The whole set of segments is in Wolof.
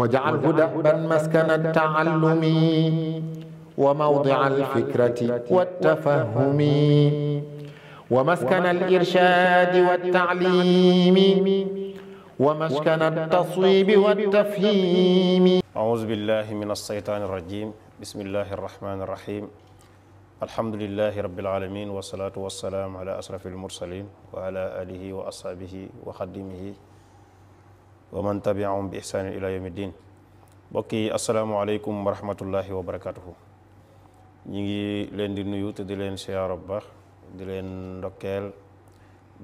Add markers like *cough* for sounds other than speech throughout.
واجعله دأبا مسكن التعلم وموضع الفكرة والتفهم ومسكن الإرشاد والتعليم ومسكن التصويب والتفهيم أعوذ بالله من الشيطان الرجيم بسم الله الرحمن الرحيم الحمد لله رب العالمين والصلاة والسلام على أشرف المرسلين وعلى آله وأصحابه وخدمه wa man tabiahum bi ihsaanin ila yawmi din mbokk yi asalaamaaleykum wa rahmatullahi wa barakatuhu ñi ngi leen di nuyu te di leen siyaaro bu baax di leen ndokkeel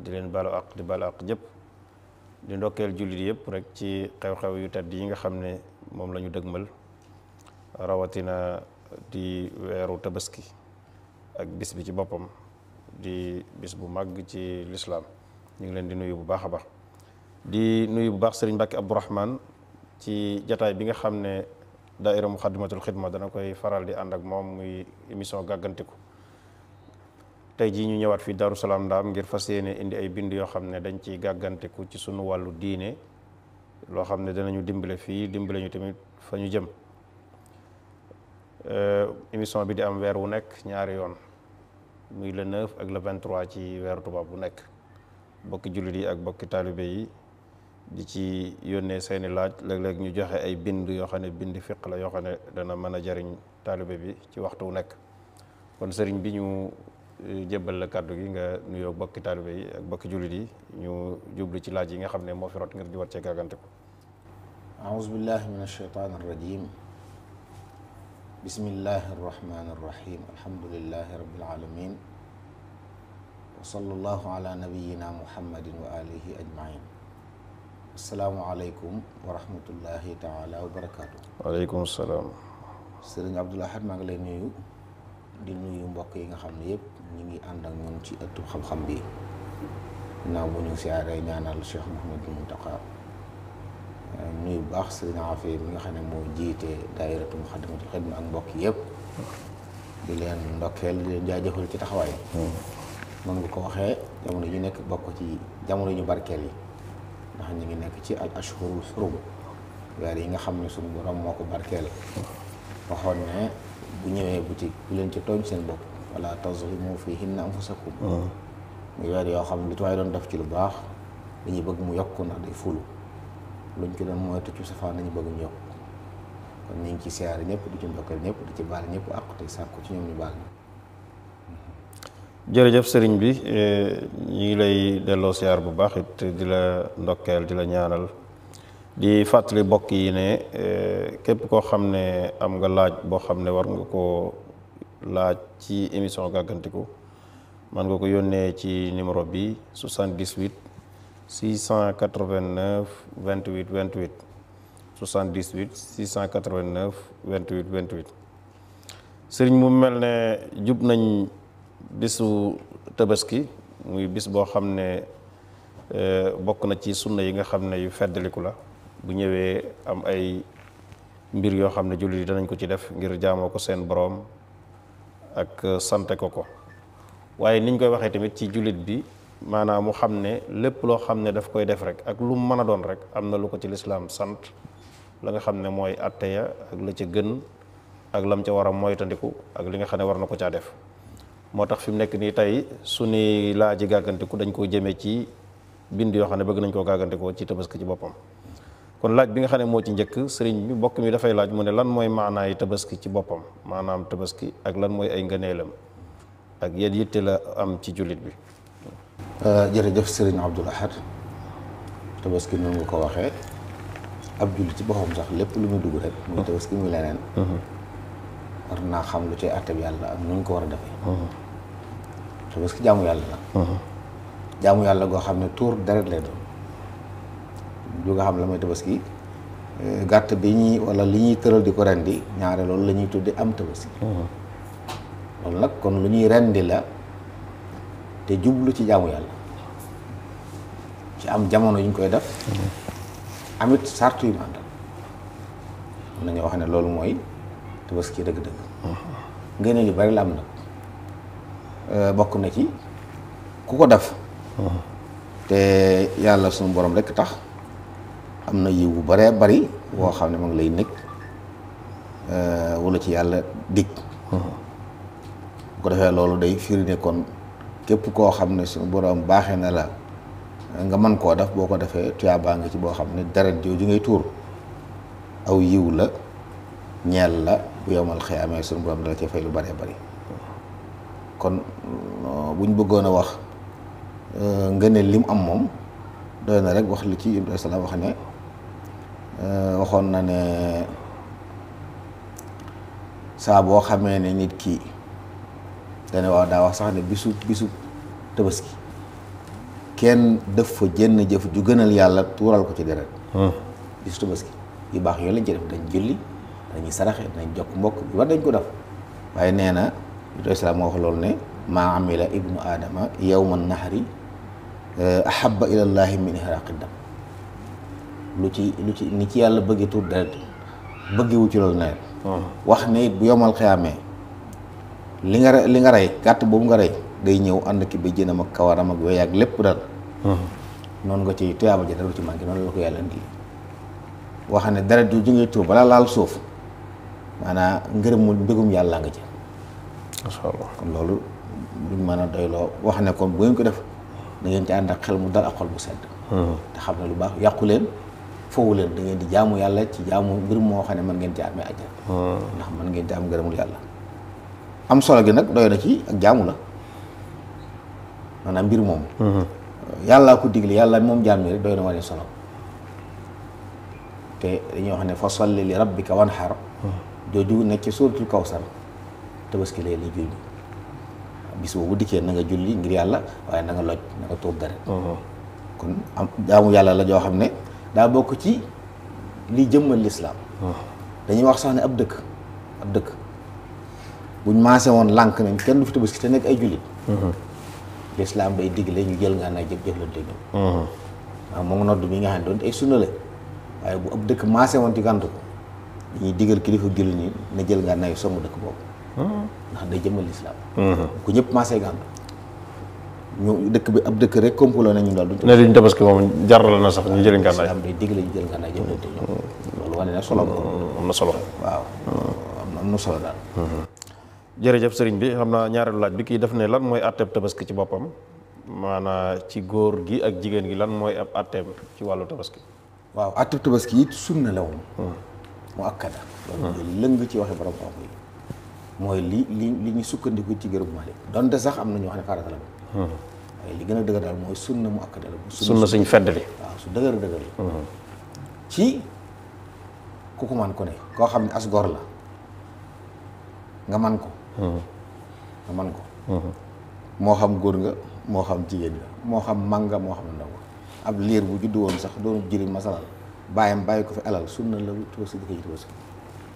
di leen balu aq di balu aq jëpp di ndokkeel jullit yëpp rek ci xew-xew yu tedd yi nga xam ne moom la ñu dëgmal rawatina di weeru tabaski ak bis bi ci boppam di bis bu màgg ci lislaam ñu ngi leen di nuyu bu baax a baax di nuyu bu baax sëriñ Mbàkke Abdourahman ci jataay bi nga xam ne daaira Muxaddamatul Xidma dana koy faral di ànd ak moom muy émission gàggantiku tey jii ñu ñëwaat fii Daaru Salaam Ndaam ngir fas yéene indi ay bind yoo xam ne dañ ciy gàggantiku ci suñu wàllu diine loo xam ne danañu dimbale fii dimbale ñu tamit fa ñu jëm euh, émission bi di am weer wu nekk ñaari yoon muy le 9 ak le 23 ci weeru tubaab bu nekk bokki jullit yi ak bokki taalibe yi di ci yónnee seeni laaj léeg-léeg ñu joxe ay bind yoo xam ne bind fiq la yoo xam ne dana mën a jariñ taalibe bi ci waxtu wu nekk kon sëriñ bi ñu eh, jébbal la kàddu gi nga nuyoo bokki taalibe yi ak bokki jullit yi ñu jublu ci laaj yi nga xam ne moo fi rot ngir jiwat cee gàggante ko aouzu billahi min alcheytan arrajim bismillahi arrahmani arrahim alhamdulillahi rabbil alamin wa sallallahu ala nabiyina muhammadin wa alihi ajmain salaamualeykum wa rahmatullahi taala wa barakaatu. waaleykum salaam. sëriñ Abdoul Ahad maa ngi lay nuyu di nuyu mbokk yi nga xam ne yëpp ñu ngi ànd ak ñun ci ëttu xam-xam bi ginnaaw bu ñu siyaaree ñaanal Cheikh Mouhamadou Mountakha nuyu bu baax sëriñ jiite daayiratu Muxaddamatul Xidma ak mbokk yëpp di ci taxawaay. mën hmm. nga ko waxee jamono ji nekk bokk ci jamono ñu barkeel yi. ndax ñu ngi nekk ci al ashhurul xurum weer yi nga xam ne suñu borom moo ko barkeel waxoon ne bu ñëwee bu ci bu leen ci tooñ seen bopp wala tazlimu fihinna anfusakum ah. muy weer yoo xam ne lu tuwaay doon def ci lu baax dañuy bëgg mu yokk ndax day fulu luñ ci doon moytu ci safaan nañu bëgg mu yokk kon ñu ngi ci siyaare ñëpp di ci ndokkal ñëpp di ci baal ñëpp àq te sàkku ci ñoom ñu baal ñu jërëjëf sëriñ bi eh, ñu ngi lay delloo siyaar bu baax it di la ndokkeel di la ñaanal di fàttali bokk yi ne eh, képp koo xam ne am nga laaj boo xam ne war nga ko laaj ci émission gàggantiku man nga ko yónnee ci numéro bi 78 689 28 28 78 689 28 28 sëriñ mu mel ne jub nañ bisu tabaski muy bis boo xam ne euh, bokk na ci sunna yi nga xam ne yu feddaliku la bu ñëwee am ay mbir yoo xam ne jullit yi danañ ko ci def ngir jaamoo ko seen boroom ak euh, sante ko ko waaye niñ koy waxee tamit ci jullit bi maanaam mu xam ne lépp loo xam ne daf koy def rek ak lu mën a doon rek am na lu ko ci lislaam sant la nga xam ne mooy atteya ak la ca gën ak lam ca war a moytandiku ak li nga xam ne war na ko caa def moo tax fi mu nekk nii tey suñuy laaji gàgganteku dañ koo jëmee ci bind yoo xam ne bëgg nañ koo gàggantekoo ci tabaski ci boppam kon laaj bi nga xam ne moo ci njëkk sëriñ bi mbokk mi dafay laaj mu ne lan mooy maanaay tabaski ci boppam maanaam tabaski ak lan mooy ay ngëneelam ak yan yitte la am ci jullit bi euh, jërëjëf sëriñ Abdul Ahad nga ko waxee ab jullit ci boppam sax lépp lu muy dugg rek muy mhm. tabaski muy leneen mhm. war naa xam lu cay àtte bi yàlla ak nu ñu ko war a defee mhm. tabaski jaamu yàlla la uh-huh. jaamu yàlla goo xam ne tuur deret lay doon ju nga xam la mooy tabaski euh, gàtt bi ñuy wala li ñuy tëral di ko rendi ñaare loolu lañuy ñuy tudde am tabaski uh-huh. loolu nag kon lu ñuy rendi la te jublu ci jaamu yàlla ci am jamono yu ñu koy def uh-huh. amit sartu yu mu àndal mën nañoo wax ne loolu mooy tabaski dëgg-dëgg ngeen yu bari la am nag Euh, bokk na ci ku ko def ah. te yàlla suñu borom rekk tax am na yiw bu baree bari woo xam ne ma ngi lay nekk euh, wala ci yàlla dikk ah. bu ko defee loolu day firi ne kon képp koo xam ne suñu borom baaxee na la nga mën koo def boo ko defee tuyaabaa nga ci boo xam ne deret jooju ngay tuur aw yiw la ñeel la bu yomal xëy amee suñu borom dala ci fay lu baree bari kon euh, bu ñu bëggoon a wax euh, nga ne lim am moom doy na rek wax li ci Ibrahima salaam wax ne euh, waxoon na ne saa boo xamee ne nit kii dana waaw daa wax sax ne bisu bisu tabaski kenn def fa jënn jëf ju gënal yàlla tuural ko ci deret hmm. bisu tabaski yu baax yooyu la ci def dañ julli dañuy saraxe dañ jokk mbokk yu war dañ ko def waaye nee na islaam moo loolu ne maa amila ibnu aadama yowma nahri eh, ahaba lu ci lu ci ni ci yàlla bëggi tuur deret bëggiwu ci loolu nawet uh-huh. wax ne it bu yomal xiyaamee li nga li nga rey gàtt boobu nga rey day ñëw ànd ki ba jënam ak kawaram ak wéy ak lépp daal uh-huh. noonu nga ci tuyaaba ji dara ci manqué noonu wax ne deret ju ju ngay tuur balaa laal suuf maanaa ngërëmul mbégum yàlla nga ci macha loolu duñ mën a doyloo wax ne kon bu ngeen ko def da ngeen ci ànd ak xel mu dal ak xol bu sedd. Hmm. te xam ne lu baax yàqu leen foofu leen da ngeen di jaamu yàlla ci jaamu mbir moo xam ne mën ngeen ci amee àjjana. Hmm. ndax mën ngeen ci am ngërëmul yàlla. solo gi nag doy na ci ak jaamu la maanaam mbir moom. Hmm. yàllaa ko digle yàlla moom jaam ñi rek doy na wane solo te dañuy wax ne fa salli li rabbika wanhar. jooju nekk ci kaw kawsar tabaski lay la julli bis boobu dikkee na julli ngir yàlla waaye na nga loj na nga tuur deret uh-huh. kon am jaamu yàlla la joo xam ne daa bokk ci li jëmmal lislaam uh-huh. wax sax ne ab dëkk dëkk buñ maase woon lànk nañ kenn du ay jullit uh-huh. lislaam day digle ñu jël nga naa jëf jëflante ñoom waaw moom nodd bi nga xam ne doon ay sunna la waaye bu ab dëkk maase woon ci gàntu ko dañuy digal kilifa jullit ñi na jël nga naayu songu dëkk boobu ndax day jëmal lislaam ku mhm. ñëpp maasee gàddu ñu bi ab dëkk rek complot nañu daal duñ ne duñ tabaski moom jaral na sax ñu jël ngànnaay am day digle ñu mhm. loolu wane na solo mhm. am na solo waaw am na solo daal jërëjëf sëriñ bi xam naa ñaareelu laaj bi kii daf ne lan mooy àtteeb tabaski ci boppam maanaa ci góor gi ak jigéen gi lan mooy ab àtteeb ci wàllu tabaski waaw àtteeb tabaski it sunna la woon mu akkada lëng ci waxe borom xam yi mooy li li li ñu sukkandiku ci gërëm Malick donte sax am na ñoo xam ne farata la hmm. mooy waaye na mu akkada la. sunna suñ feddali su dëgër dëgër la. Hmm. ci ku ko man koo xam ne as gor la nga man ko. Hmm. nga man ko. moo xam góor nga xam jigéen nga moo xam mag moo xam ndaw nga liir bu juddu woon sax doon jëriñ masalal bàyyam bàyyi ko fi alal sunna la tuuti si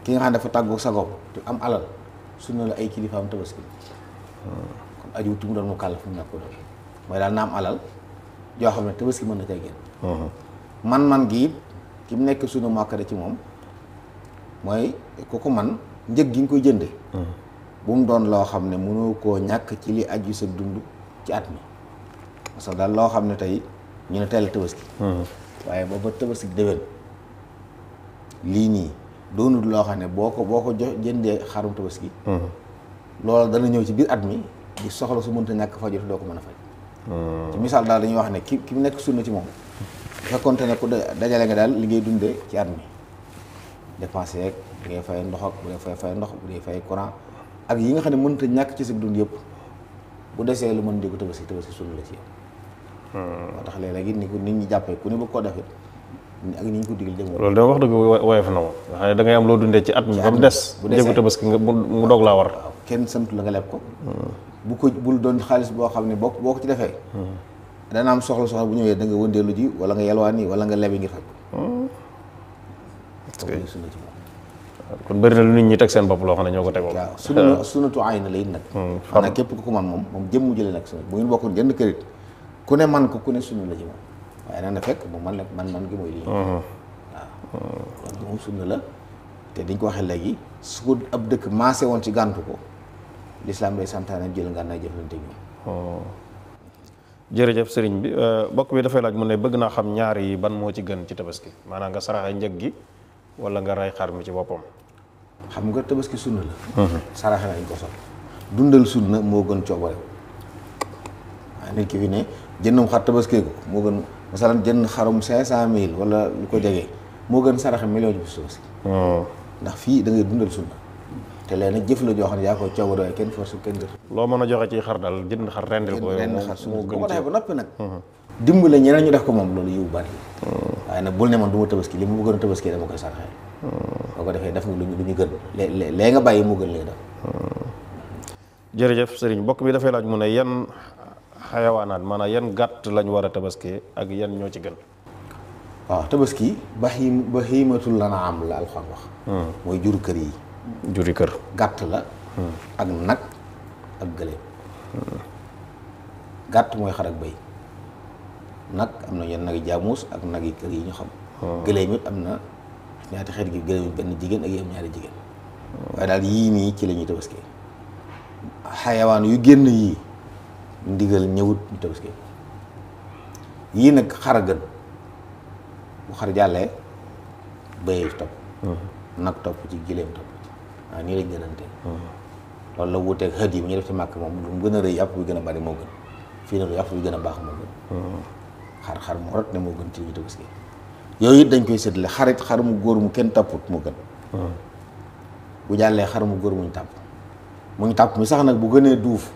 ki nga xam ne dafa tàggoo sagoom te am alal. sunna la ay kilifaam tabaski kon aju tu mu doon mu kàllaf mu ñàkk doon mooy daal naam alal joo xam ne tabaski mën na cay uh-huh. man-man gi ki mu nekk sunna muakkada ci moom mooy ku ko man njëg gi nga koy jënde uh-huh. bu mu doon loo xam ne mënoo koo ñàkk ci li aju sa dund ci at mi parce daal loo xam ne tey ñu ne teel a tabaski uh-huh. waaye booba tabaski déwén lii nii doonul loo xam ne boo ko boo ko jox jëndee xarum tabaski loolu dana ñëw ci biir at mi di soxla su mënta ñàkk fajatu doo ko mën a faj hmm. ci misaal daal dañuy wax ne ki ki nekk sunna ci moom fekkonte ne ku dajale nga daal li ngay ci at mi dépensé yeeg bu dee fay ndox ak bu dee fay fay ndox bu dee fay courant ak yi nga xam ne mënta ñàkk ci sa dund yëpp bu desee lu mën di ko tabaski tabaski sunna la ci yow hmm. moo tax léeg-léegi ni ko nit ñi jàppee ku ne bëgg ko defee ak ni ñu ko digal jëm loolu dama wax dëgg woyof na moom nga xam ne da am loo dundee ci at mi ba mu des jëgu tabaski nga mu doog laa war kenn sant la nga leb ko hmm. bu ko bul doon xaalis boo xam ne boo boo ko ci defee hmm. dana am soxla soxla bu ñëwee da nga wëndeelu ji wala nga yelwaan yi wala nga lebi ngir faj hmm. kon bëri na lu nit ñi teg seen bopp loo xam ne ñoo ko tegoo waaw sunna sunnatu ay na la it nag xanaa képp ku ko man moom moom mu jëlee nag sunna bu ngeen bokkoon jënd kërit ku ne man ko ku ne sunna la ci moom waaye nag na fekk mu man la man man gi mooy lii. Uh-huh. moom sunna la te diñ ko waxee léegi su ko ab dëkk maase woon ci gàntu ko lislaam day santaane jël ngànnaay jëflante ñoom. Uh-huh. jërëjëf sëriñ bi uh, bokk bi dafay laaj mu ne bëgg naa xam ñaari ban moo ci gën ci tabaski maanaa nga saraxe njëg gi wala nga rey xar mi ci boppam. xam nga tabaski sunna la. Uh-huh. saraxe nañ ko sol dundal sunna moo gën coobare waaye nit ki fi ne jëndam xar tabaskee ko moo gën. masalan jënd xarum cinq cent mille wala lu ko jege moo gën sarax million bi suuf hmm. ndax fii dangay dundal sunna te léegi jëf la joo xam ne yaa ko coow doy kenn force kenn dër loo mën a joxe ci xar daal jënd xar rendil ko yow xar su ko defee ba noppi nag hmm. dimbale ñeneen ñu def ko moom loolu yiw bari hmm. waaye nag bul ne man du ma tabaski li mu bëggoon a tabaski dama koy saraxee boo ko defee def nga lu ñu gën lee nga bàyyi mu gën léegi def jërëjëf sëriñ mbokk bi dafay laaj mu ne yan xayawaanaat maanaam yan gàtt lañu war a tabaskee ak yan ñoo ci gën. waaw tabaski bahim bahimatul lanaam la alxuraan wax. Hmm. mooy jur kër yi. juri kër. gàtt la. Hmm. ak nag ak gëléem. Hmm. gàtt mooy xar ak béy. nag am na yenn nag yu ak nag yi kër yi ñu xam. am na ñaati xet gi gëléem benn jigéen ak yi am ñaari jigéen. waaye daal yii nii ci la ñuy tabaskee. xayawaan yu génn yii. ndigal ñëwut ñu tabaski yii nag xar a gën bu xar jàllee bëyee topp mm-hmm. nag topp ci gileem topp ci waaw nii lañ mm-hmm. loolu la wuuteeg xët yi bu ñu def ci màkk moom mu gën a rëy yàpp bi gën a bari moo fii nag yàpp gën a baax moo gën mm-hmm. xar xar mu rot ne moo gën ci ñu tabaski yooyu it dañ koy séddale xarit xar mu góor mu kenn tapput mu gën bu jàllee xar mu góor muñ tàpp muñ tàpp mi sax nag bu gënee duuf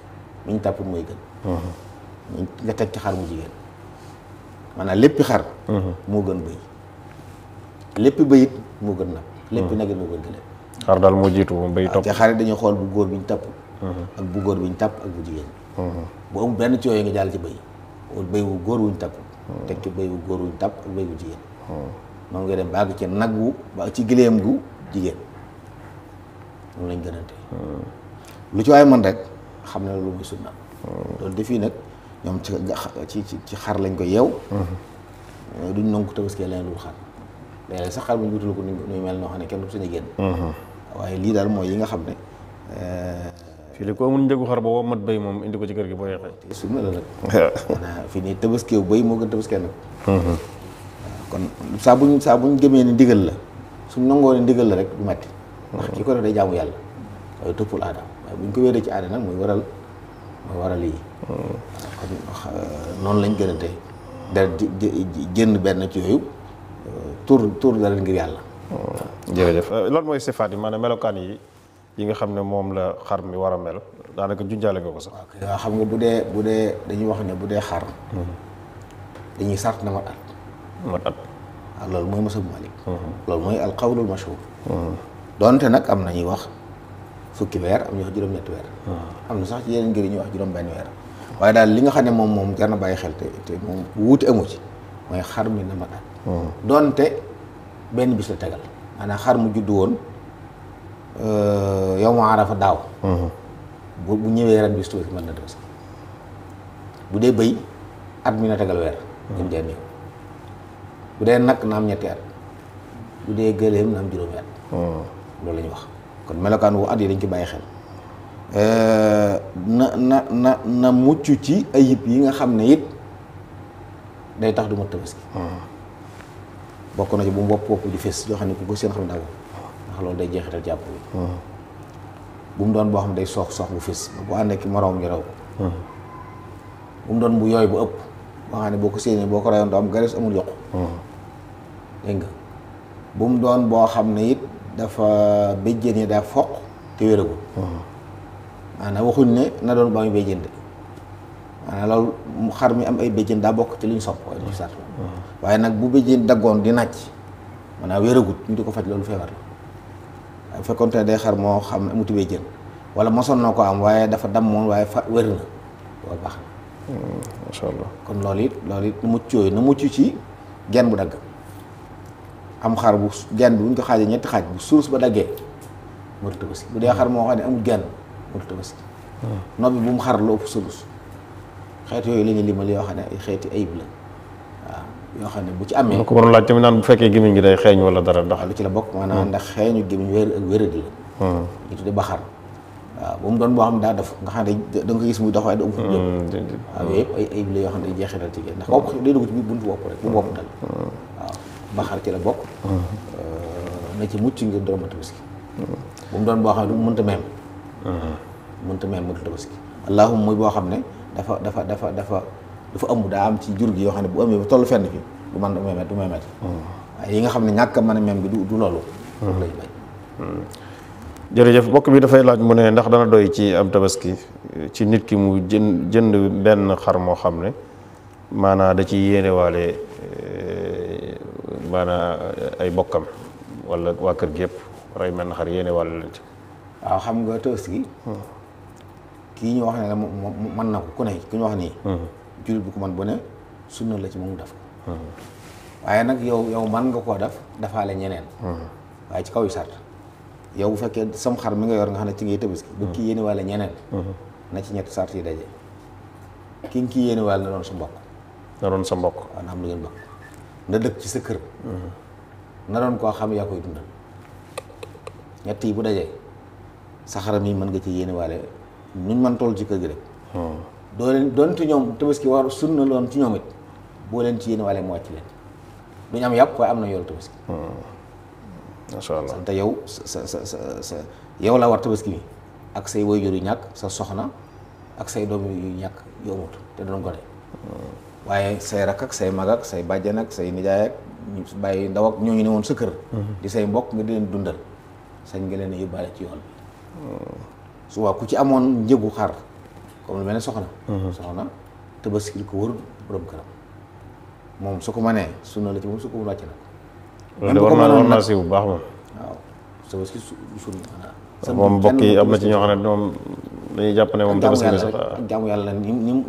mi ñu tàppul mooy gën nga mhm. teg ci xar mu jigéen maanaam léppi xar mhm. moo gën bëy léppi bëyit moo gën nag mhm. léppi nag moo gën gëléem xar daal moo jiitu bay topp te xar yi dañuy xool bu góor bi ñu tàpp ak bu góor bi ñu tàpp ak bu jigéen bu benn ci yooyu nga jàll ci bëy bëy wu góor wuñ tàpp ci bëy wu góor wuñ tàpp ak bëy wu jigéen moom nga dem ba ci nag wu ba ci gëléem gu jigéen moom lañ gënante lu ci waaye man rek xam na lu muy sunna loolu defi nag ñoom ci ci ci xar lañ ko yeew mhm. duñ nangu ko tabaskee leneen lu xar léeg-léeg bu ñu wutal ko mel noo xam ne kenn du sañ mhm. a lii daal mooy yi nga xam ne euh, fii li ko amul njëgu xar boobu mat béy moom indi ko ci kër gi boo yeexee sunna la nag *laughs* fii nii tabaskee wu moo gën tabaskee nag mhm. kon saa buñ saa buñ gëmee ni ndigal la su nangoo ne ndigal la rek du metti ndax kii ko def day jaamu yàlla waaye toppul aadam te bu ñu ko wéeree ci aada nag mooy waral mooy waral yi. Hmm. kon euh, noonu lañ gënante dara jënd benn ci yooyu euh, tur tur dara ngir yàlla. Hmm. jërëjëf euh, lan mooy sifaat yi maanaam melokaan yi yi nga xam ne moom la xar mi war a mel daanaka junjaale nga ko sax. waaw xam nga bu dee bu dee dañuy wax ne bu dee xar. Hmm. dañuy sart na mat at. mat at. waaw loolu mooy masab Malik. loolu mooy alqawlul mashhur. donte nag am na ñuy wax. fukki weer am ñu wax juróom-ñetti weer. Ah. am na sax ci yeneen ngir ñu wax juróom-benn weer. waaye daal li nga xam ne moom moom gën a bàyyi xel te te moom wuute amu ci mooy xar mi na ma daal. Ah. benn bis la tegal. maanaam xar mu juddu euh, yow mu arafa daaw. Ah. bu bu ñëwee ren bis na def sax bu dee bëy at mi na tegal weer. bu dee nag na am ñetti at bu dee gëléem na am juróomi at. loolu la wax. kon melokaan wu at yi dañ ci bàyyi xel eh, na na na na mucc ci ayib yi nga xam ne it day tax du ma tabaski hmm. bokk na ci bu mu bopp bopp di fees yoo xam ne ku ko seen xam ne daw loolu day jeexital jàpp hmm. bu mu doon boo xam ne day soox soox bu fees bu ànd ak moroom hmm. doon bu yooy bu ëpp boo xam ne boo ko séenee boo ko rayoon doo am gares amul yokku dégg nga bu mu doon boo xam ne it dafa béjjén yi daa foq te wéragul maanaam waxuñ ne na doon ba muy béjjén de maanaam loolu xar mi am ay bëjjën daa bokk ci li ñu sopp waaye nag bu béjjén daggoon di nàcc maanaam wéragut ñu di ko faj loolu feebar la bu fekkoon day xar moo xam muti amuti béjjén wala mosoon na ko am waaye dafa dammoon waaye fa wér na hmm, kon loolu it loolu it mucc yooyu nu mucc ci gen bu dagg am xar bu genn bi bu ñu ko xaajee ñetti xaaj bu suus ba daggee mënut tabaski bu dee xar moo xam ne amul genn mënut tabaski. nob bi bu mu xar lu ëpp suus xeet yooyu la ñuy limal yoo xam ne ay xeeti ayib la xam ne bu ci amee. ko waroon laaj tamit bu fekkee gémmiñ gi day xeeñ wala dara ndax. lu la bokk maanaam hmm. ndax xeeñu gémmiñ wér ak wéradi hmm. waaw ba mu doon boo xam ne daa def nga xam ne da nga ko gis muy dox waaye da ëmb fu jóg waaw yooyu ay ayib la yoo xam ne day jeexital ci ndax bopp day dugg ci biir buntu bopp rek bu bopp dal hmm. waaw baxar ci la bokk. Uh-huh. na ci mucc ngir doomu tabaski. Uh-huh. bu mu doon boo xam ne du mënta meem. Uh-huh. mënta meem mënta muy boo xam ne dafa dafa dafa dafa dafa ëmb daa am ci jur gi yoo xam ne bu ëmbee bu toll fenn fi du man du memet yi nga xam ne ñàkk a mën a meem gi du du loolu. loolu lay bay. mbokk bi dafay laaj mu ne ndax dana doy ci am tabaski ci nit ki mu jën jënd benn xar moo xam ne maanaa da ci yéenewaale eh, maanaam ay bokkam wala waa kër gi yëpp rey menn xar yéene wàllu leen waaw xam nga tës gi. kii ñu wax ne la mën na ko ku ne ki ñu wax nii. Hmm. jullit bu ko man bu ne sunna la ci moom def ko. Hmm. waaye nag yow yow man nga koo def defaale ñeneen. Hmm. waaye ci kaw yu sart yow bu fekkee sam xar mi nga yor nga xam ne ci ngay tabaski. bu kii yéene wàll ñeneen. na ci ñetti sart ki nga kii yéene wàll na doon sa mbokk. na doon sa mbokk. waaw na xam lu ngeen bokk. na dëkk ci sa kër na doon koo xam yaa koy dundal ñett yi bu dajee saxara yi mën nga ci yéene waale nuñ mën toll ci kër gi rek hmm. doo leen doonte ñoom tabaski war sunna loon ci ñoom it boo leen ci yéene waale mu wàcc leen duñ am yàpp waaye am na yoolu tabaski hmm. sante yow sa sa sa sa yow laa war tabaski bi ak say waajur yu ñàkk sa soxna ak say doom yu ñàkk yu amut te doon gone hmm. waaye say rakk ak say mag ak say bàjjan nag say nijaay ak ñu bàyyi ndaw ak ñooñu ne woon sa kër. Mhm. di say mbokk nga di leen dundal sañ nga leen a yóbbaale ci yoon bi. Oh. ku ci amoon njëgu xar comme lu ne soxna. Mhm. soxna tabaskil ko wër su ko mënee sunna la ci moom su na loolu war naa war si bu baax moom. waaw tabaski su sunna moom mbokk yi am na ci ñoo xam ne moom. dañuy jàpp ne moom tabaski nga sax yàlla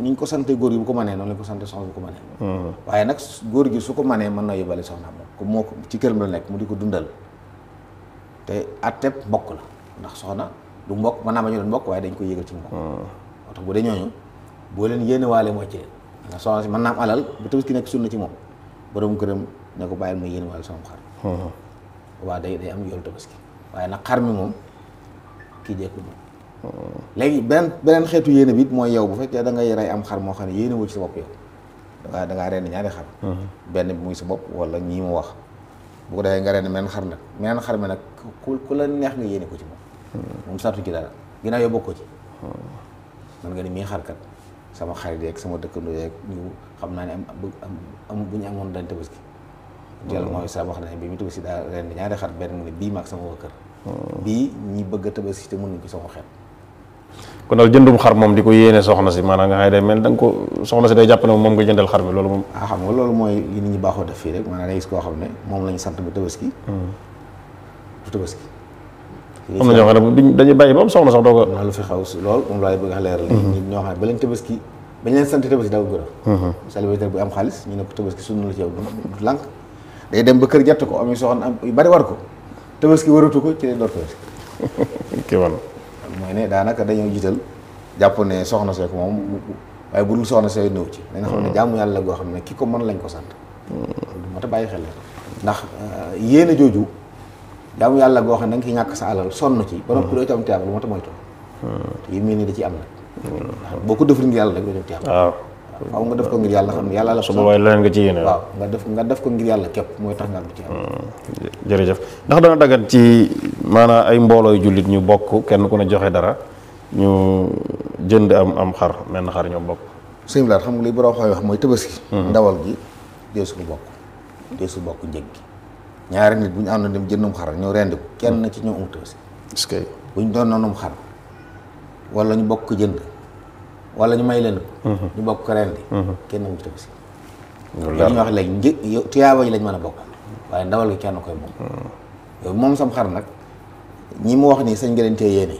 ni ko sante góor gi bu ko mënee noonu lañ ko sante soxna bu ko mënee hmm. waaye nag góor gi su ko manee mën na yóbbale soxna moom ko moo ko ci këram nekk mu di ko dundal te atteb mbokk ndax soxna du mbokk mën naa ma ñu doon dañ ko yëgal ci mbokk hmm. moo tax bu dee ñooñu boo leen yéene waale moo ci leen ndax mën naa alal ba tabaski nekk sunna ci moom borom këram ne ko bàyyil ma yéene waale sama xar hmm. waaw day day am yoolu tabaski waaye nag xar mi moom kii jeeku moom léegi beneen beneen xeetu yéene bi it mooy yow bu fekkee da ngay rey am xar moo xam ne yéene ci sa bopp yow dangaa dangaa rend ñaari xar mhm. benn bi muy bopp wala ñii mu wax bu ko defee nga rend xar nag meneen xar mi nag ku ku la neex nga yéene ko ci moom mhm. moom sartu ci daal gi yow bokk ko ci man mhm. nga ne mii xarkat sama xarit yeeg sama dëkkandoo yeeg ñu xam naa ne am am bu ñu amoon dañ tabaski jël mooy sa wax na ne bi mu tabaski daa rend ñaari xar benn mu ne bii maag sama waa kër bii ñi bëgg a tabaski te mën nañ ko sama xeet kon daal jëndum xar moom di ko yéene soxna si maanaam nga xam ne day mel da nga ko soxna si day jàpp ne moom nga jëndal xar mi loolu moom a ah, xam nga loolu mooy li nit ñi baaxoo def fii rek maanaam day gis koo xam ne moom la sant bu tabaski du hmm. tabaski am dañuy bàyyi ba am soxna sax doo ko loolu fi xaw si loolu moom laay bëgg a leeral hmm. nit ñoo xam ne ba leen tabaski hmm. xaalis ñu ne ko tabaski sunna la ci yow du lànk day dem ba kër jàtt ko am yu soxna yu bari war ko tabaski waratu ko ci lay door tabaski *laughs* mooy ne daanaka dañoo jiital jàpp ne soxna ko moom waaye bu dul soxna see néew ci da nga xam ne mm. jaamu yàlla goo xam ne ki ko mën lañ ko sant moo mm. tax bàyyi xel ndax euh, yéene jooju jaamu yàlla goo xam ne da nga ñàkk sa alal sonn ci ba noppi mm. doo ci am tiyaaba lu moo tax moytu yi mel ni da ci am nag ndax boo ko deful ngir yàlla rek doo ci am tiyaaba faaw nga def ko ngir yàlla xam ne yàlla la soxla waaye leneen nga ci yéene waaw nga def nga def ko ngir yàlla képp mooy tax nga àgg ci yàlla hmm. jërëjëf ndax dana dagat ci maanaam ay mboolooy jullit ñu bokk kenn ku ne joxe dara ñu jënd am am xar menn xar ñoo bokk sëñ xam nga lii borom xooy wax mooy tabaski hmm. ndawal gi dee su ko bokk dee su bokk njëg gi ñaari nit bu ñu am na dem jëndum xar ñoo rendi ko kenn ci ñoo amul tabaski bu ñu doon nanum xar wala ñu bokk jënd wala ñu may leen ko. Mhm. ñu bokk ko rendi. Mhm. kenn mu ci tabaski. loolu daal li ñuy wax léegi një yow tuyaaba ji lañ mën a bokk. waaye ndawal gi kenn koy moom. Mhm. moom sam xar nag ñi mu wax nii sañ nga leen tee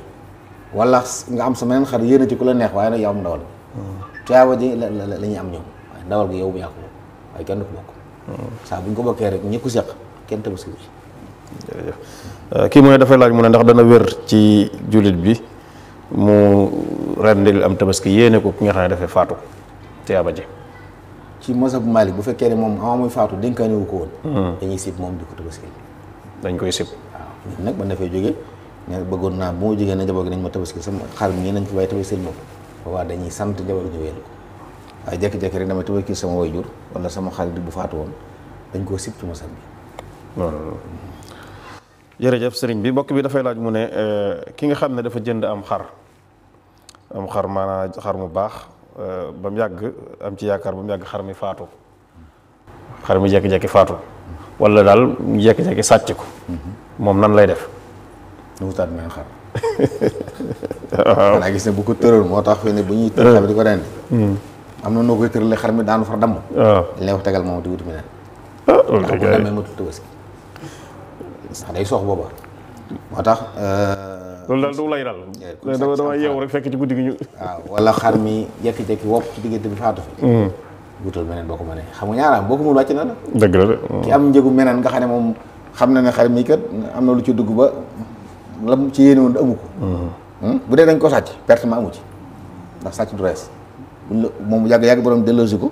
wala nga am sa meneen xar yéene ci ku la neex waaye nag yow am ndawal. tuyaaba ji la la la am ñoom ndawal gi yow bu yàqu waaye kenn du ko bokk. saa bu ñu ko bokkee rek ñi ku seq kenn tabaski bi. kii mu ne dafay laaj mu ne ndax dana wér ci jullit bi. mu rendil am tabaski yéene ko ki nga xam ne dafay faatu tiyaaba ji ci mazhab maali bu fekkee ne moom avant muy faatu dénkaane ko woon hmm. dañuy sib moom di ko tabaski dañ koy sib waaw nit nag mën na fee jógee ne bëggoon naa bu ma jógee na njaboot gi nañ ma tabaski sama xar mi nañ ko bàyyi tabaski dañuy sant njaboot gi ñu wéyal ko waaye jékki-jékki rek dama tabaski sama jur wala sama xarit bu faatu woon dañ koo sib ci mazhab bi hmm. jërëjëf sëriñ bi mbokk bi dafay laaj mu ne eh, ki nga xam ne dafa jënd am xar am xar maanaa xar mu baax euh, ba mu yàgg am ci yaakaar ba mu yàgg xar mi faatu xar mi jekki-jekki faatu wala daal mu jekki-jekki sàcc ko moom nan lay def mu wutaat meen bu ko tëral moo tax fii ne bu di ko rendi hmm. am na noo koy tëralee xar mi daanu far damm waaw leew tegal moom di wut mi neen ah, ndax bu dammee matul tabaski ndax day sox booba moo tax euh, loolu daal du lay daal. Eh, eh, dama dama yeewu rek fekk ci guddi gi ñu. waaw ah, wala xar mi jékki-jékki wopp ci diggante bi faatu fi. Mm. wutal meneen boo ko mënee xam nga ñaaraam boo ko mënul wàcc na la. dëgg la de. ki am njëgu meneen nga xam ne moom xam na ne xar mi kat am na lu ci dugg ba lam ci yéene woon amu ko. Mm. Hmm? bu dee dañ ko sàcc perte ma amu ci ndax sàcc du rees buñ moom yàgg yàgg borom delloosi ko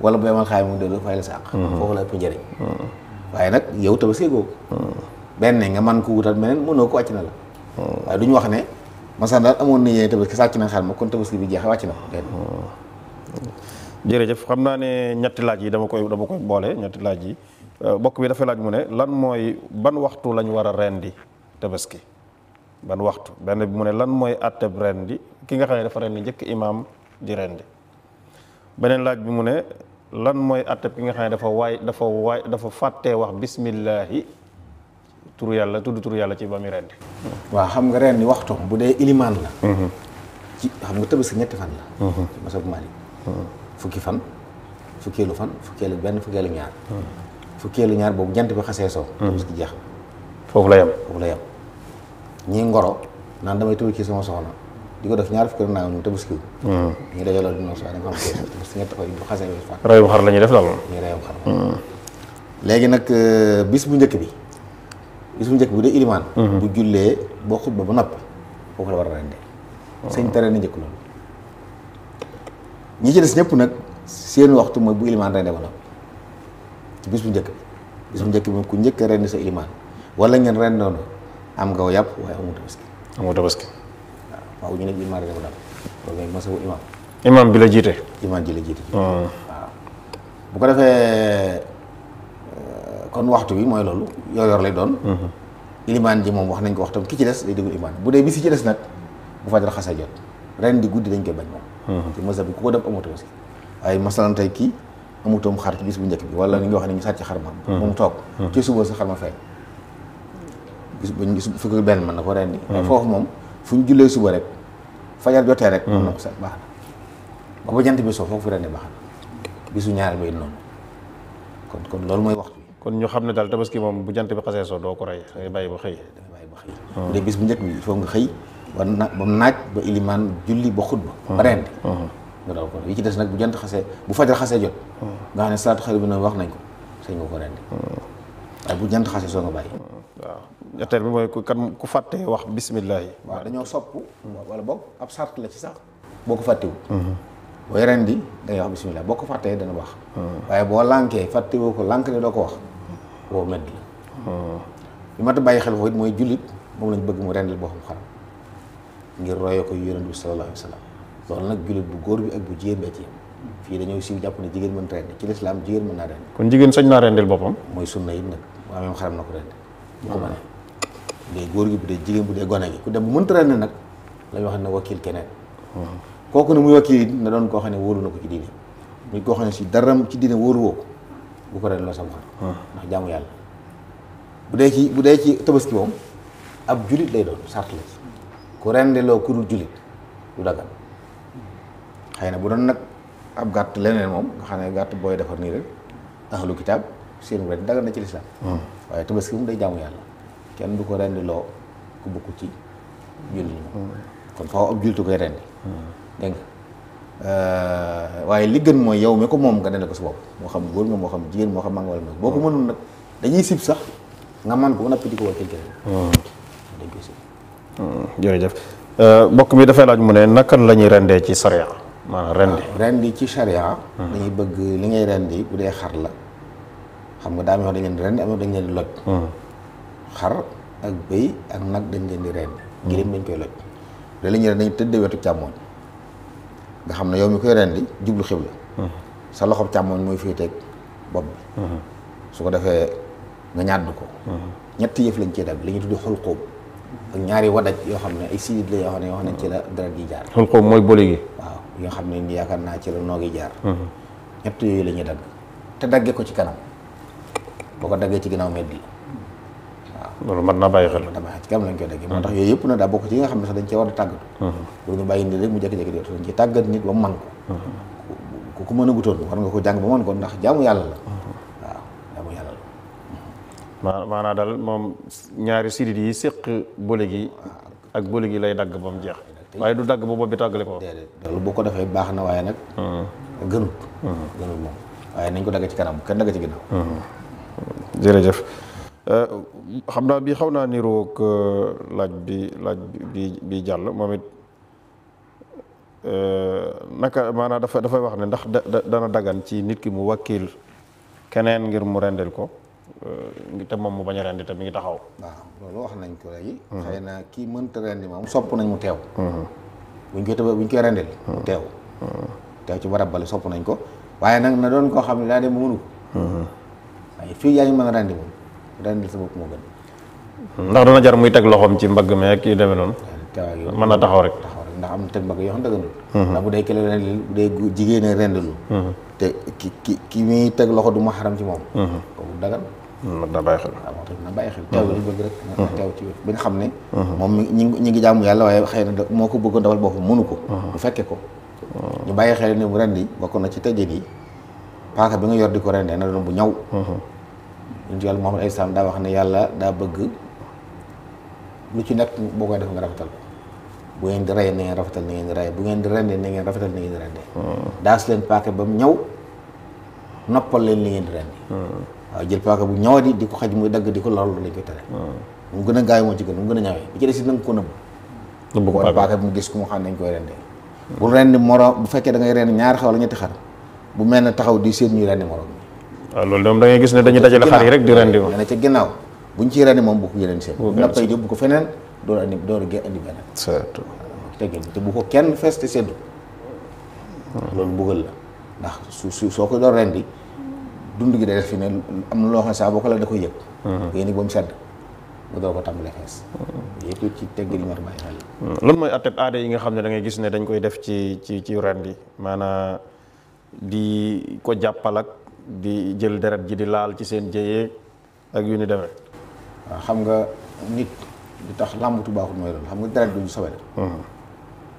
wala bu yemal xaay moom delloo fay la sa àq. Mm-hmm. foofu la mm. waaye nag yow tabaski ko benn nga man ko wutal meneen mënoo ko wàcc na la waaye du ñu wax ne masaan daal amoon na yéen tabaski sàcc na xaar ma kon tabaski bi jeex wàcc na ko jërëjëf xam naa ne ñetti laaj yi dama koy dama koy boole ñetti laaj yi euh, bokk bi dafay laaj mu ne lan mooy ban waxtu lañ war a rendi tabaski ban waxtu benn bi mu ne lan mooy atteb rendi ki nga xam ne dafa rendi njëkk imaam di rendi beneen laaj bi mu ne lan mooy atteb ki nga xam ne dafa waay dafa waay dafa fàtte wax bismillahi turu yàlla tudd turu yàlla ci ba muy rendi waaw xam nga rendi waxtu bu dee ilimaan la mm-hmm. ci xam nga si ñetti fan la ma mm-hmm. masabu Malik mm-hmm. fukki fan fukkeelu fan fukkeelu benn fukkeelu ñaar ñaar boobu jant xasee soo tabaski jeex foofu la yem foofu la yem ñii ngoro naan damay tabaski sama soxna di ko def ñaar fukki naa ñu tabaski ñu dajaloo dina soxna nga xam tabaski ñetti fan bu xasee wéy faat rayum xar la ñuy def daal ñuy léegi nag euh, bis bu njëkk bi gis bu njëkk bu dee ilimaan mhm. bu jullee boo xutba ba noppi foofu la war a rendi sëñ tere na njëkk loolu ñi ci des ñëpp nag seen waxtu mooy bu ilimaan rendi ba noppi njëkk bi bis bu njëkk bi ku njëkk rendi sa ilimaan wala ngeen nga yàpp waaye amoo tabaski amoo imaam imaam bi la jiite imaam ji la jiite hmm. bu ko defee kon waxtu bi mooy loolu yoo yor lay doon. Mm-hmm. ilimaan ji moom wax nañ ko tam ki ci des day déglu imaan bu dee bi si ci des jot ren di guddi dañ koy bañ moom. Mm-hmm. te masa bi ku ko def amatoo si waaye masalan tey kii amutoom xar ci bis bu njëkk wala ni nga wax ne ñu sàcc xar ma. Mm-hmm. moom toog suba sa xar ma fay. bis bu ñu fukki benn mën na ko ren foofu moom fu ñu suba rek fajar jotee rek. mën na ko ba ba jant bi soo foofu ren di baax na bisu ñaareel ba it noonu kon loolu mooy waxtu. kon ñu xam ne daal tabaski moom bu jant bi xasee soo doo ko rey dangay bàyyi ba xëy. dangay bàyyi ba xëy. de ah. bis bu njëkk bi il faut nga xëy ba na ba naaj ba ilimaan julli ba xutba. ba ah. rendi ah. nga daw ko yi ci des nag bu jant xasee bu fajar xasee jot. nga xam ne salaatu xel bi nag wax nañ ko sëñ nga ko rendi waaye bu jant xasee soo nga bàyyi. waaw ñetteel bi mooy ku kan ku fàtte wax bismillah yi. waaw dañoo sopp wala boog ab sart la ci sax boo ko fàttewu mm-hmm. booy rendi dangay wax bismillah boo ko fàttee dana wax. waaye boo lànkee fàttewoo ko lànk ne doo ko wax. wow medd la hmm. li ma ta bàyyi xel foofu mooy jullit moom lañ bëgg mu rendil boo xam xaram ngir royee ko yonent bi sallallahu alayhi loolu nag jullit bu góor bi ak bu jigéen bee ci fii dañoo siiw jàpp ne jigéen mën ci lislaam jigéen mën naa rendi kon jigéen sañ naa rendil boppam mooy sunna it nag waa même xaram na ko rendi bu góor gi bu dee jigéen bu dee gone gi ku dem bu mënta rendi nag la ñu wax ne wakiil keneen hmm. kooku ne muy wakiil na doon koo xam ne wóolu na ko ci diine muy koo xam ne si daram ci diine wóolu bu ko reeloo sa xar ah. ndax jaamu yàlla bu dee ci bu dee ci tabaski moom ab julit lay doon sart la ci ku rendiloo ku dul julit du dagal xëy na bu doon nag ab gàtt leneen moom nga xam ne gàtt booy defar nii rek ahlu kitaab seen rek dagal na ci lislaam ah. waaye tabaski moom day jaamu yàlla kenn du ko rendiloo ku bokk ci jullit moom ah. kon faaw ab julitu koy rendi dégg Euh, waaye li gën mooy yow mi ko moom nga dana ko sa bopp moo xam góor nga moo xam jigéen moo xam maa nga wala boo ko mënul nag dañuy sib sax nga man ko ba noppi di ko war hmm. hmm. euh, mbokk mi dafay laaj mu ne nakan la ñuy rendee ci charia maanaam rendi rendi ci charia hmm. dañuy bëgg li ngay rendi bu dee xar la xam nga daa ma dañ leen di rendi am dañ leen di loj xar ak bëy ak nag dañ leen di rendi giléem dañ koy loj bu dee la ñuy tëdd wetu càmmoñ nga xam ne yow mi koy rendi jublu xibla hmm. sa loxob càmmoon mooy féeteeg bopp bi hmm. su ko defee nga ñàdd ko hmm. ñetti yëf lañ ciy dagg li ñu tuddi xulqóob ak ñaari wadaj yoo xam ne ay sidit la yoo xam ne yoo xam ne ci la dara di jaar xulqóob mooy boli gi waaw yoo xam ne yaakaar naa ci la noogi jaar ñett yooyu lañuy ñuy dagg te daggee ko ci kanam boo ko daggee ci ginnaaw medd la loolu man naa bàyyi xel mën naa bàyyi xel ci kanam lañ koy déggee moo tax yooyu yëpp nga xam ne sax dañ cee war a tàggatu bu mhm. mu man ko mhm. ku mën a gutoon war nga ko jàng ba man ko ndax jaamu yàlla la mhm. waaw jaamu yàlla la maa daal moom ñaari sidit yi séq boole gi ak boole gi lay dagg ba mu jeex waaye du dagg ba bopp bi tàggale ko loolu boo ko defee baax na waaye nag gënut gënut moom waaye nañ ko dagg ci kanam kenn dagg ci ginnaaw jërëjëf euh, xam naa bi xaw naa niroog euh, laaj bi laaj bi bi jàll moom it euh, naka maanaa dafa dafay wax ne ndax dana dagan ci nit ki mu wakkil keneen ngir mu rendil ko euh, te moom mu bañ a rendi te mi ngi taxaw. waaw loolu wax nañ ko léegi. Hmm. xëy na kii mënta rendi moom sopp nañ mu teew. Hmm. buñ koy tëbë buñ koy rendil. mu hmm. teew. teew ci barab bale sopp nañ ko waaye nag na doon koo xam ne daa dem mënu ko. waaye fii yaa ngi mën a rendi moom. rendil sa bopp moo gën. ndax dana jar muy teg loxoom ci mbagg meeg yu demee noonu. mën na taxaw rek. taxaw rek ndax am na teg mbagg yoo xam ne mhm. bu dee kële rendil bu dee jigéen ñi rendilul. Mhm. te ki ki ki muy teg loxo du ma xaram ci moom. Mhm. kooku dagal. na bàyyi xel. waaw moo tax na bàyyi xel teew xam ne. moom ñi ñi ngi jàmm yàlla waaye xay na moo ko bëggoon dawal boppam mënu ko. bu fekkee ko. ñu bàyyi xel ne bu rendi bokk na ci tëjee yi paaka bi nga yor di ko rendee na doon bu ñaw yonent yàlla Muhammad alayhi salaam daa wax ne yàlla daa bëgg lu ci nekk boo koy def nga rafetal ko bu ngeen di rey na ngeen rafetal na ngeen di rey bu ngeen di rendee na ngeen rafetal na ngeen di rendee hmm. daas leen paaka ba mu ñaw noppal leen li ngeen di rendi hmm. waaw jël paaka bu ñawa di di ko xaj muy dagg di ko loolu lañ koy tere hmm. mu gën a gaaw moo ci gën mu gën a ñawee bi ci des it nanga ko nëbb paaka bi mu gis ku mu xam nañ koy rendee bu rendi moroom bu fekkee dangay ngay rendi ñaari xaw la ñetti xar bu mel ne taxaw di seen ñuy rendi moroom waaw loolu moom da ngay gis ne dañuy dajale xar yi rek di rendi ma ne ca ginnaaw buñ moom bu ko yeneen seen bu ko feneen door andi door ge andi beneen te bu ko kenn feste seddu hmm. loolu buggal la su soo ko door rendi dund gi day am na loo xam la da koy yëg hmm. yéen ba ko tàmbalee fees hmm. ci tegg yi mooy atteb aada yi nga xam ne da gis ne dañ koy def ci ci ci rendi maanaam di ko jàppal ak di jël deret ji di laal ci seen jëyeeg ak yu ni demee. waaw xam nga nit di tax làmbatu baaxul mooy loolu xam nga deret du ñu sobe de. Mhm.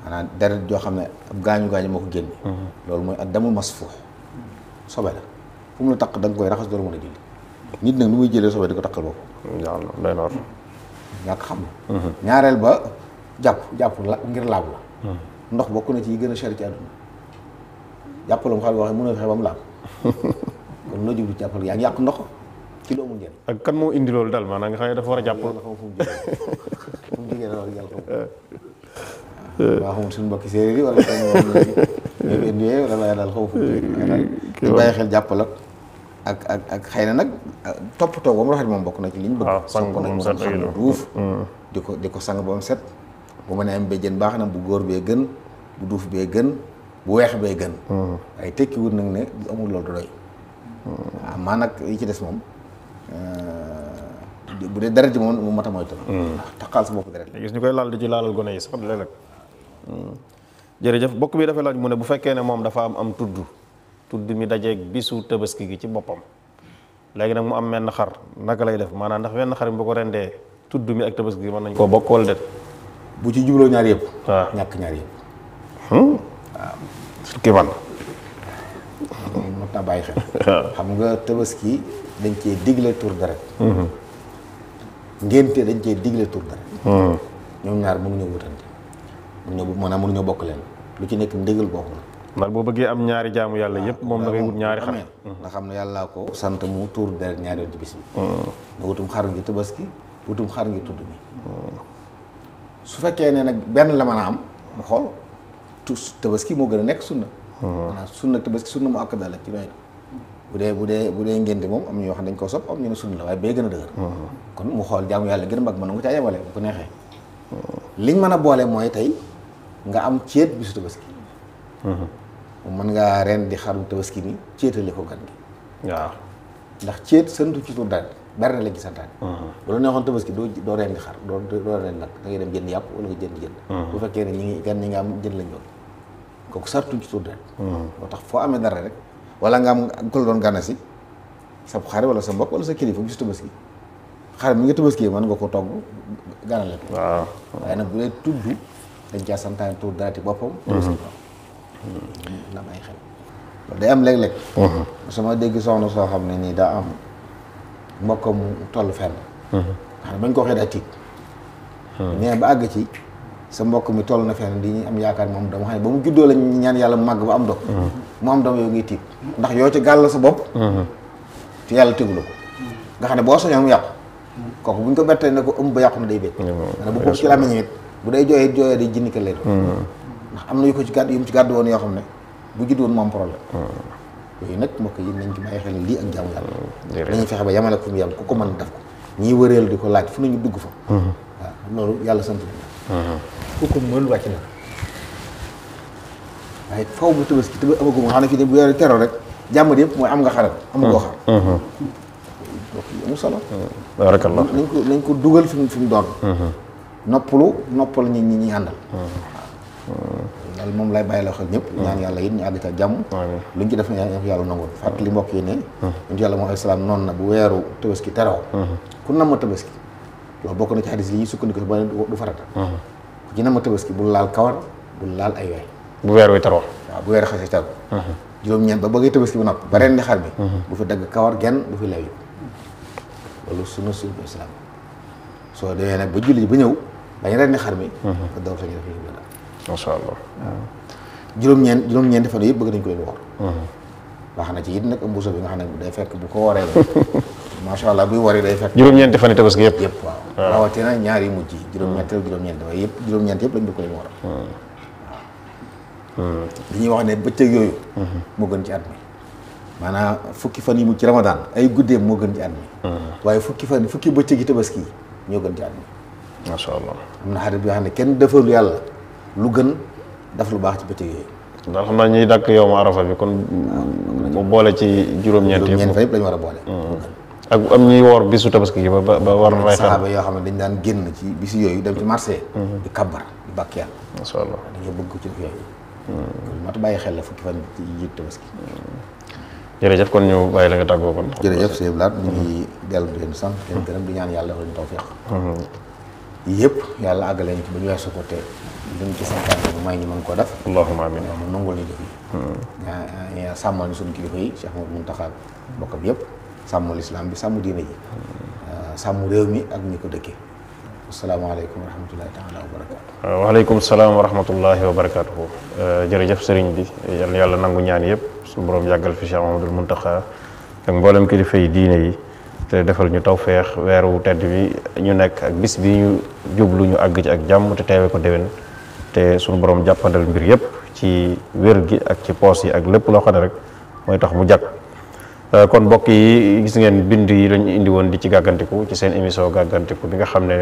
maanaam deret joo xam ne ab gaañu gaañu moo ko génne. Mhm. loolu mooy ak damul mas foofu sobe la fu mu la taq da koy raxas doo mën a julli nit nag nu muy jëlee sobe di ko taqal boobu. waaw day ñàkk xam na. Mhm. ñaareel ba jàpp jàpp la ngir laab la. ndox bokk na ci yi gën a cher ci àdduna jàpp la mu xam ne wax mën na fexe laab. *laughs* kon noo jublu jàppal yaa ngi yàq ndox ci doomu kan moo indi loolu daal maanaam nga xam ne dafa war a jàpp. Euh. suñu mbokki séeréer yi wala wala daal xaw euh, ak ak xëy na nag euh, toppatoo ba mu rafet moom bokk na ci liñ bëgg. waaw ah, sang ba mu set mm. di ko di ko sang ba mu set. bu ma nee am béjjën baax na bu góor bee gën bu duuf bee gën bu weex bee gën. Mm. waaye tekki nag ne amul loolu doy. waaw maa nag yi ci des moom euh, bu dee deret ji moom mu mat a moytu hmm. ndax taxaal sa bopp deret gis ñu koy laal di ci laalal gone yi sax léeg-léeg hmm. jërëjëf bokk bi dafay laaj mu ne bu fekkee ne moom dafa am am tudd tudd mi dajeeg bisu tabaski gi ci boppam léegi nag mu am menn xar naka lay def maanaam ndax wenn xar mi bu ko rendee tudd mi ak tabaski gi mën nañ koo bokk wala déet bu ci jubloo ñaar yëpp waaw ñàkk ñaar yëpp hmm. waaw kii mot na bàyyi xel *laughs* xam nga tabaski dañ cee digle tur deret ngénte dañ cee digle tur deret hmm. ñoom ñaar mënuñu wutante mënuñu maanaam mënuñu bokk leen lu ci nekk ndigal bokk na ndax boo bëggee am ñaari jaamu yàlla yëpp moom da ngay wut ñaari xar nga xam ne yàllaa ko sant mu tur deret ñaari yoon ci bis bi hmm. nga wutum xar ngi tabaski wutum xar ngi tudd mi su fekkee ne nag benn la mën a am mu xool tus tabaski moo gën a nekk sunna maanaam sunna te parce que sunna mu akkada la ci bu dee bu dee bu dee ngénte moom am ñoo xam dañ koo sopp am ñu ne sunna la waaye bee gën a dëgër kon mu xool jaamu yàlla gën a mag mën na ko caa yemale bu ko neexee liñ mën a boole mooy tey nga am ceet bisu mën ngaa ren di xarum tabaski ni ceetale ko gan gi waaw ndax ceet santu ci tur daal berne sa ci santaane bu la neexoon tabaski doo doo ren di xar doo doo ren nag da ngay dem jënd yàpp wala nga jënd jënd bu fekkee ne ñi ngi gan ñi nga am jën lañ bëgg kooku sartuñ ci tur de moo tax foo amee dara rek wala nga am ku la doon gànna si sa xare wala sa mbokk wala sa kilifa bis tabaski xare mi nga tabaski man nga ko togg gànnale ko waaw waaye nag bu dee dañ caa santaane tur daati boppam mm-hmm. tabaski la bàyyi xel loolu day am léeg-léeg sama mm-hmm. dégg soxna soo xam ne nii daa am mbokkam toll fenn mm-hmm. xam ne bañ ko waxee tiit mais ba àgg ci sa mbokk mi toll na fenn di ñu am yaakaar moom dama xam ne ba mu juddoo lañ yàlla mu màgg ba am doo mm-hmm. mu am doom yow ngi tiit ndax yoo ci gàll sa bopp ci mm-hmm. yàlla tegul ko nga xam ne boo soñoon mu mm-hmm. kooku bu ko bettee ne ko ëmb ba yàqu na day béy nga bu ko ci la meññit bu day jooyee jooyee day jinnikel lay doon ndax ko ci gàddu yu mu ci gàddu woon yoo xam ne bu judd woon moom problème yooyu nag mbokk yi nañ ci bàyyi xel lii ak fexe ba yamale ko fu mu yàlla ku ko mën def ko ñiy wëreel di ko laaj fu ñu dugg fa waaw loolu yàlla sant ku ko mënul wàcc na waaye faw bu tabaski taba amagu ma xam ne fii ne bu yore teroo rek jàmm yëpp mooy am nga xaral amagoo xar donc mu solo barakallah nañ ko nañ ko dugal fi mu fi mu doon uh-huh. noppalu noppal ñi ñi ñuy àndal waaw uh-huh. uh-huh. moom lay bàyyi la xel ñëpp ñaan yàlla yit ñu àgg ca jàmm lu ñu ci def na yàlla nangul li mbokk yi ne ñun yàlla moom ay salaam noonu na bu weeru tabaski teroo ku nam ma tabaski wax bokk na ci xadis li ñuy sukkandiku ba du farata ku ci nama tabaski bul laal kawar bul laal ay weer bu weer wi taroo bu weer xasee taroo juróom-ñeent ba bëggee tabaski bu nopp ba rendi xar bu fi dagg kawar genn bu fi lew yi loolu sunna suñu islam soo demee nag ba julli ba ñëw dañ rendi xar mi a door sañu def yëpp la masha allah juróom-ñeent juróom-ñeenti fan yëpp bëgg nañ ko leen woor baax na ci it nag ëmbuso bi nga xam ne day fekk bu ko wooree *laughs* macha allah buy waree day fekk. juróom-ñeenti fan yi tabaski yëpp yëpp waaw. waaw ah. rawatina ñaar yu mujj. juróom-ñetti ak juróom-ñeenti waaye yëpp juróom-ñeenti yëpp lañ bëgg hmm. hmm. ñuy wax ne bëccëg yooyu. Hmm. moo gën ci at fukki fan yi mujj ci Ramadan ay guddeem moo gën waaye fukki fan fukki bëccëg yi tabaski ñoo gën ci at mi. macha bi yoo xam ne kenn yàlla lu gën daf lu baax ci bëccëg yooyu. daal xam ñuy dàkk yow ma arafa bi kon. mu boole ci juróom-ñeenti yëpp juróom lañ war a boole. ak am ñuy woor bisu tabaski gi ba ba war ray saxaaba yoo xam ne dañ daan génn ci bisu yooyu dem ci marché mhm. di kabbar di bàkk yàlla masha allah dañoo bëgg ci mhm. mat bàyyi xel la fukki fan ci jiit mhm. jërëjëf kon ñu bàyyi la nga tàggoo kon jërëjëf sëñ leen sant di leen gërëm ñaan yàlla dafa leen tawfeex yëpp yàlla àgg ñu ba ñu weesu ko te bu may ñu mën koo def mu nangul ñu def yi sàmmal ñu suñu kilifa yi Cheikh Mouhamadou Mountakha bokkam yëpp sàmm lislaam bi sàmm diine ji euh, sàmm réew mi ak ñi ko dëkkee asalaamaaleykum wa rahmatullahi taala wa barakaatu euh, waaleykum salaam wa rahmatullahi wa barakaatu euh, jërëjëf sëriñ bi yal yàlla nangu ñaan yëpp su borom yàggal fi Cheikh Mamadul Muntaxa ak mboolem kilifa yi diine yi te defal ñu tawféex weeru bi ñu nekk ak bis bi ñu àgg ak jàmm te ko déwén te suñu borom jàppandal mbir yëpp ci wér gi ak ci poos yi ak lépp loo xam rek mooy tax mu jàkk Euh, kon mbokk yi gis ngeen bind yi lañu indi woon di ci gàggantiku ci seen émission gàggantiku bi nga xam ne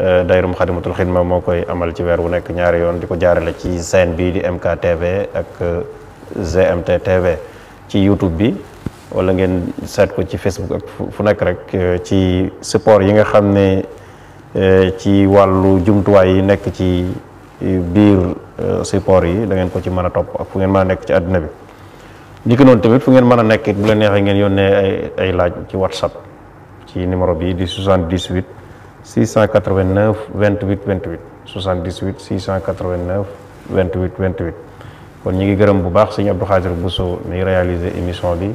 euh, dayrum xadimatul xidma moo koy amal ci weer wu nekk ñaari yoon di ko jaarale ci chaîne bi di MKTV ak euh, GMT TV ci YouTube bi wala ngeen seet ko ci Facebook ak fu nekk rek ci support yi nga xam ne ci wàllu jumtuwaay yi nekk ci biir support yi da ngeen ko ci mën a topp ak fu ngeen mën a nekk ci àddina bi ñi ko noonu tamit fu ngeen mën a nekk bu leen neexee ngeen yónnee ay laaj ci whatsapp ci numéro bi di 78 689 28 28 78 689 28 28 kon ñu ngi gërëm bu baax sëñ Abdou Khadir Bousso mi réaliser émission bi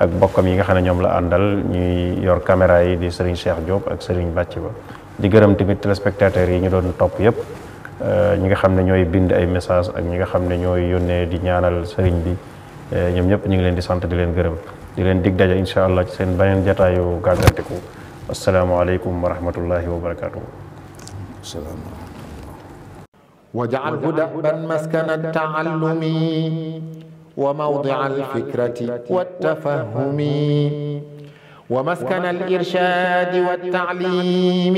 ak bokkam yi nga xam ne ñoom la àndal ñuy yor caméra yi di Serigne Cheikh Diop ak Serigne Bàcc ba di gërëm tamit téléspectateurs yi ñu doon topp yépp euh, ñi nga xam ne ñooy bind ay message ak ñi nga xam ne ñooy yónnee di ñaanal Serigne bi Eh, ñoom ñëpp ñu ngi leen di sant di leen gërëm di leen dig daje incha allah ci seen beneen jataayu gàggantiku asalaamaaleykum wa rahmatullahi wa barakatuhu واجعله دأبا مسكن التعلم وموضع الفكرة والتفهم ومسكن الإرشاد والتعليم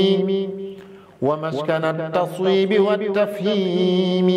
ومسكن التصويب والتفهيم